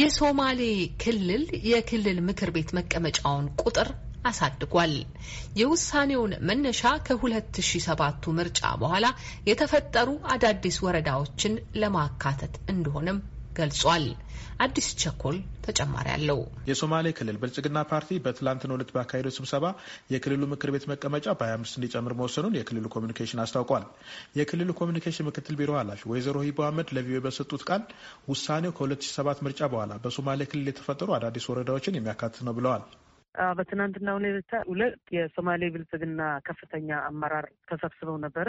የሶማሌ ክልል የክልል ምክር ቤት መቀመጫውን ቁጥር አሳድጓል። የውሳኔውን መነሻ ከ2007ቱ ምርጫ በኋላ የተፈጠሩ አዳዲስ ወረዳዎችን ለማካተት እንደሆነም ገልጿል። አዲስ ቸኮል ተጨማሪ አለው። የሶማሌ ክልል ብልጽግና ፓርቲ በትላንትናው ዕለት ባካሄደው ስብሰባ የክልሉ ምክር ቤት መቀመጫ በ25 እንዲጨምር መወሰኑን የክልሉ ኮሚኒኬሽን አስታውቋል። የክልሉ ኮሚኒኬሽን ምክትል ቢሮ ኃላፊ ወይዘሮ ሂቦ አህመድ ለቪኦኤ በሰጡት ቃል ውሳኔው ከ2007 ምርጫ በኋላ በሶማሌ ክልል የተፈጠሩ አዳዲስ ወረዳዎችን የሚያካትት ነው ብለዋል። በትናንትና ሁለት የሶማሌ ብልጽግና ከፍተኛ አመራር ተሰብስበው ነበረ።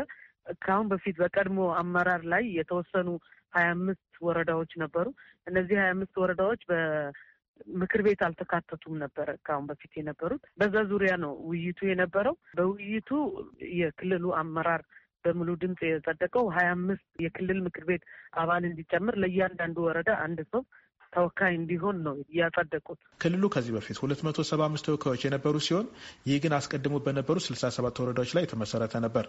ከአሁን በፊት በቀድሞ አመራር ላይ የተወሰኑ ሀያ አምስት ወረዳዎች ነበሩ። እነዚህ ሀያ አምስት ወረዳዎች በምክር ቤት አልተካተቱም ነበረ ከአሁን በፊት የነበሩት። በዛ ዙሪያ ነው ውይይቱ የነበረው። በውይይቱ የክልሉ አመራር በሙሉ ድምፅ የጸደቀው ሀያ አምስት የክልል ምክር ቤት አባል እንዲጨምር ለእያንዳንዱ ወረዳ አንድ ሰው ተወካይ እንዲሆን ነው እያጸደቁት። ክልሉ ከዚህ በፊት ሁለት መቶ ሰባ አምስት ተወካዮች የነበሩ ሲሆን ይህ ግን አስቀድሞ በነበሩ ስልሳ ሰባት ወረዳዎች ላይ የተመሰረተ ነበር።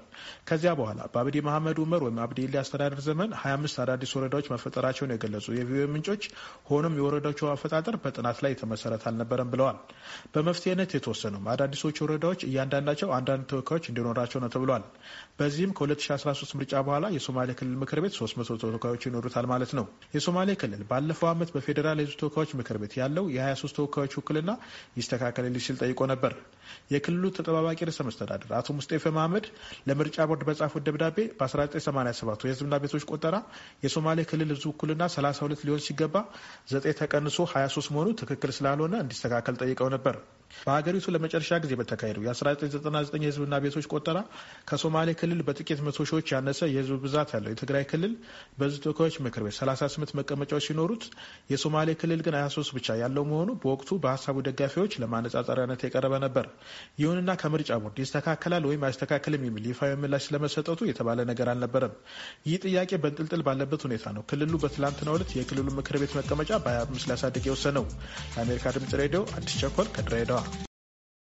ከዚያ በኋላ በአብዲ መሐመድ ኡመር ወይም አብዲ ኢሌ አስተዳደር ዘመን ሀያ አምስት አዳዲስ ወረዳዎች መፈጠራቸውን የገለጹ የቪኦኤ ምንጮች ሆኖም የወረዳዎቹ አፈጣጠር በጥናት ላይ የተመሰረተ አልነበረም ብለዋል። በመፍትሄነት የተወሰኑም አዳዲሶቹ ወረዳዎች እያንዳንዳቸው አንዳንድ ተወካዮች እንዲኖራቸው ነው ተብሏል። በዚህም ከ2013 ምርጫ በኋላ የሶማሌ ክልል ምክር ቤት 300 ተወካዮች ይኖሩታል ማለት ነው። የሶማሌ ክልል ባለፈው ዓመት በፌ በፌዴራል የህዝብ ተወካዮች ምክር ቤት ያለው የ23 ተወካዮች ውክልና ይስተካከልልኝ ሲል ጠይቆ ነበር። የክልሉ ተጠባባቂ ርዕሰ መስተዳድር አቶ ሙስጤፈ መሀመድ ለምርጫ ቦርድ በጻፉት ደብዳቤ በ1987 የህዝብና ቤቶች ቆጠራ የሶማሌ ክልል ህዝብ ውክልና 32 ሊሆን ሲገባ 9 ተቀንሶ 23 መሆኑ ትክክል ስላልሆነ እንዲስተካከል ጠይቀው ነበር። በሀገሪቱ ለመጨረሻ ጊዜ በተካሄደው የ1999 የህዝብና ቤቶች ቆጠራ ከሶማሌ ክልል በጥቂት መቶ ሺዎች ያነሰ የህዝብ ብዛት ያለው የትግራይ ክልል በህዝብ ተወካዮች ምክር ቤት 38 መቀመጫዎች ሲኖሩት የሶማሌ ክልል ግን 23 ብቻ ያለው መሆኑ በወቅቱ በሀሳቡ ደጋፊዎች ለማነጻጸሪያነት የቀረበ ነበር። ይሁንና ከምርጫ ቦርድ ይስተካከላል ወይም አይስተካከልም የሚል ይፋዊ ምላሽ ስለመሰጠቱ የተባለ ነገር አልነበረም። ይህ ጥያቄ በንጥልጥል ባለበት ሁኔታ ነው ክልሉ በትላንትናው ዕለት የክልሉ ምክር ቤት መቀመጫ በ25 ሊያሳድግ የወሰነው። የአሜሪካ ድምጽ ሬዲዮ አዲስ ቸኮል ከድሬዳዋ 있어